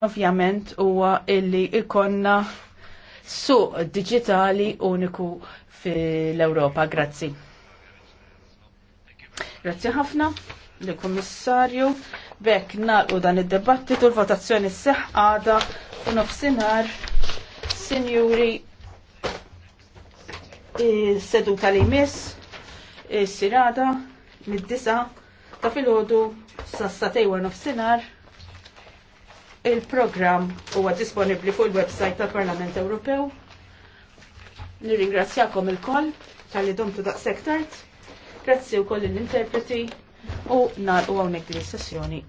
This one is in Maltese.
ovvjament huwa illi ikonna suq digitali uniku fil-Europa. Grazzi. Grazzi ħafna li kummissarju bekk nalqu dan id-debattitu l-votazzjoni seħ għada u nofsinar sinjuri seduta li mis sirada mid-disa ta' filgħodu sa' statejwa nofsinar. Il-programm huwa disponibbli fuq il-website tal-Parlament Ewropew. Nirringrazzjakom il-koll tal-li domtu da' tard. Grazzi wkoll l-interpreti u nar u għawnek l-sessjoni.